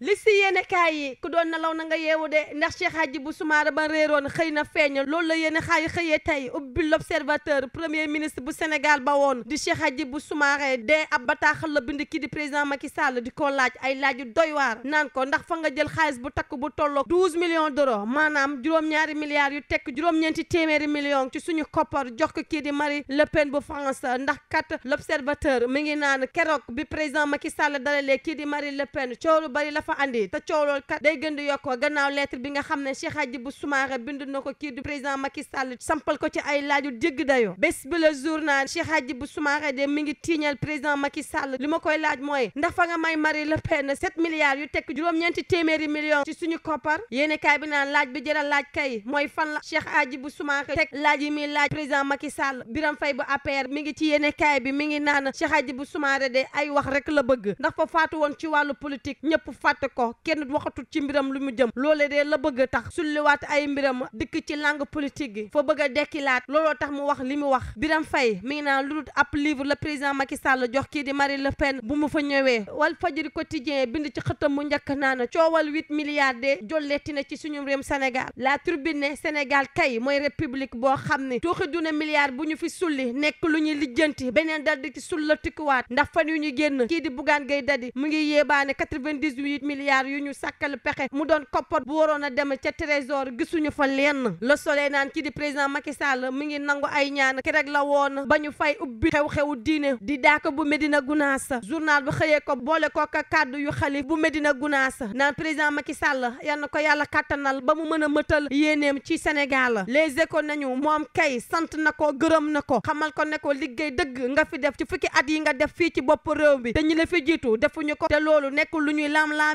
li si yéene kaay yi ku doon nalaw na nga yeewu de ndax Cheikh Hadji bu Soumaré ba réeroon xëy na feeñ loolu la yéene kaay xëyee tey ubbi l'observateur premier ministre bu Sénégal ba woon di Cheikh Hadji bu Soumaré de ab bataaxal la bind kii di président Macky Sall di ko laaj ay laaj yu doy waar naan ko ndax fa nga jël xaalis bu takk bu tolloog douze millions d'euros maanaam juróom-ñaari milliards yu tekk juróom-ñeenti téeméeri million ci suñu koppar jox kii di Marie Le bu France ndax kat l'observateur mi ngi naan keroog bi président Macky Sall dalalee kii di Marie Le Pen cooru bari la fa andi te coow loolu kat day gën di yokkoo gannaaw lettre bi nga xam ne Cheikh Hadjibou Soumaré bind na ko kii du président Macky Sall sampal ko ci ay laaju jégg dayoo bés bi la journal Cheikh Hadjibou Soumaré de mi ngi tiiñal président Macky Sall li ma koy laaj mooy ndax fa nga may Marie Le Pen sept milliards yu tekk juróom-ñeenti téeméeri million ci suñu koppar yéeni kaay bi naan laaj bi jëral laaj kay mooy fan la Cheikh bu Soumaré teg laaj yi muy laaj président Macky Sall Birame Faye bu APR mi ngi ci yéene kaay bi mi ngi naan Cheikh Hadjibou Soumaré de ay wax rek la bëgg ndax fa fàtte ko kenn waxatut ci mbiram lu mu jëm loole de la bëgg a tax sulliwaat ay mbiram dikk ci langue politique gi foo bëgg a dekkilaat looloo tax mu wax li mu wax Biram Faye mi ngi naan lu dul ab livre le président Macky Sall jox kii di Marine Le Pen bu mu fa ñëwee wal fajiri quotidien bind ci xëtam mu njëkk naana coowal huit milliards de jolleeti na ci suñu réew Sénégal la tribune Sénégal kay mooy république boo xam ne du duna milliard bu ñu fi sulli nekk lu ñuy lijjanti beneen dal di tikkuwaat ndax fan yu ñu génn kii di Bougane Gueye Dadi mu ngi yéebaane quatre vingt milliards yu ñu sàkkal pexe mu doon koppar bu waroon a dem ca trésor gisuñu fa lenn le soleil naan kii di président Macky Sall mi ngi nangu ay ñaan ki rek la woon ba ñu fay ubbi xew-xewu diine di daaka bu Medina Gunaas journal ba xëyee ko boole ko ak kàddu yu xalif bu Medina Gunaas naan président Macky Sall yal na ko yàlla kàttanal ba mu mën a mëtal yéeneem ci Sénégal les échos nañu moom kay sant na ko gërëm na ko xamal ko ne ko liggéey dëgg nga fi def ci fukki at yi nga def fii ci bopp réew bi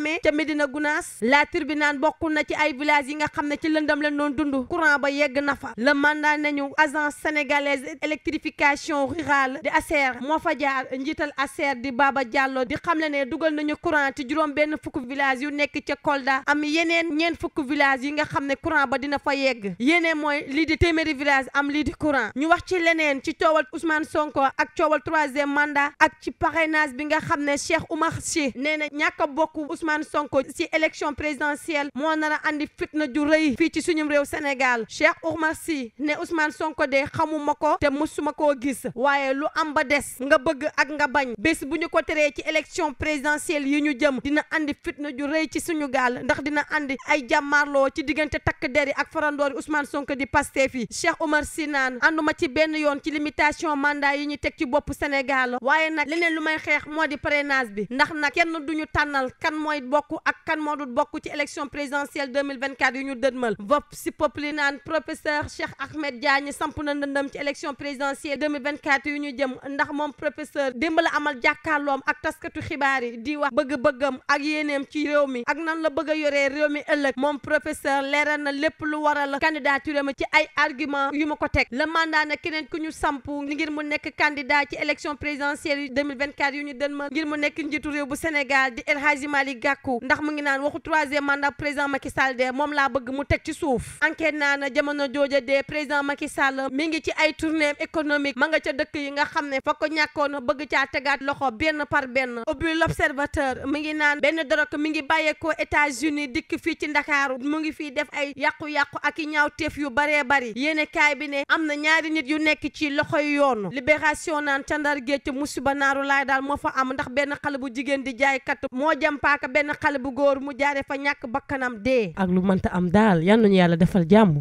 amee ca Medina Gunaas la tribunal bokk na ci ay villages yi nga xam ne ci lëndam leen doon dund courant ba yegg na fa le mandat nañu agence sénégalaise électrification rurale di ASER moo fa jaar njiital ASER di Baba Diallo di xam ne dugal nañu courant ci juróom benn fukk village yu nekk ca Kolda am yeneen ñeent fukk village yi nga xam ne courant ba dina fa yegg yeneen mooy lii di téeméeri village am lii di courant ñu wax ci leneen ci coowal Ousmane Sonko ak coowal troisième mandat ak ci parrainage bi nga xam ne Cheikh Oumar Sy nee na ñàkk bokk Ousmane Ousmane Sonko ci élection présidentielle moo nar a andi fitna ju rëy fii ci suñum réew Sénégal Cheikh Oumar Sy ne Ousmane Sonko de xamuma ko te musuma koo gis waaye lu am ba des nga bëgg ak nga bañ bés bu ñu ko teree ci élection présidentielle yi ñu jëm dina indi fitna ju rëy ci suñu gaal ndax dina andi ay jàmmaarloo ci diggante takk der yi ak farandoori Ousmane Sonko di Pastef yi Cheikh Oumar Sy naan ànduma ci benn yoon ci limitation mandat yi ñu teg ci bopp Sénégal waaye nag leneen xeex moo di parrainage bi mooy bokk ak kan moo dul bokk ci élection présidentielle yu ñu dëdmal vox populi naan professeur Cheikh Ahmed Diagne samp na ndëndëm ci élection présidentielle yu ñu jëm ndax moom professeur démb la amal jàkkaarloom ak taskatu xibaar yi di wax bëgg-bëggam ak yéeneem ci réew mi ak nan la bëgg a yoree réew mi ëllëg moom professeur leeral na lépp lu waral candidature ma ci ay argument yu ma ko teg le mandat na keneen ku ñu samp ngir mu nekk candidat ci gàkku ndax mu ngi naan waxu troisième mandat président Macky de moom laa bëgg mu teg ci suuf enquête naa na jamono jooja de président Macky Sall mi ngi ci ay tournée économique ma nga ca dëkk yi nga xam ne fa ko ñàkkoon bëgg caa tegaat loxo benn par benn ubbi l'observateur mi ngi naan benn dorog mi ngi bàyyeekoo États-Unis dikk fii ci Ndakaaru mu ngi fii def ay yàqu-yàqu ak i ñaawteef yu baree bari yéene kaay bi ne am na ñaari nit yu nekk ci loxo loxoy yoon libération naan ca Ndar géej musiba naaru laay daal moo fa am ndax benn xale bu jigéen di jaaykat benn xale bu góor mu jaaree fa ñàkk bakkanam dee ak lu mënta am daal yan yal ñu yàlla defal jàmm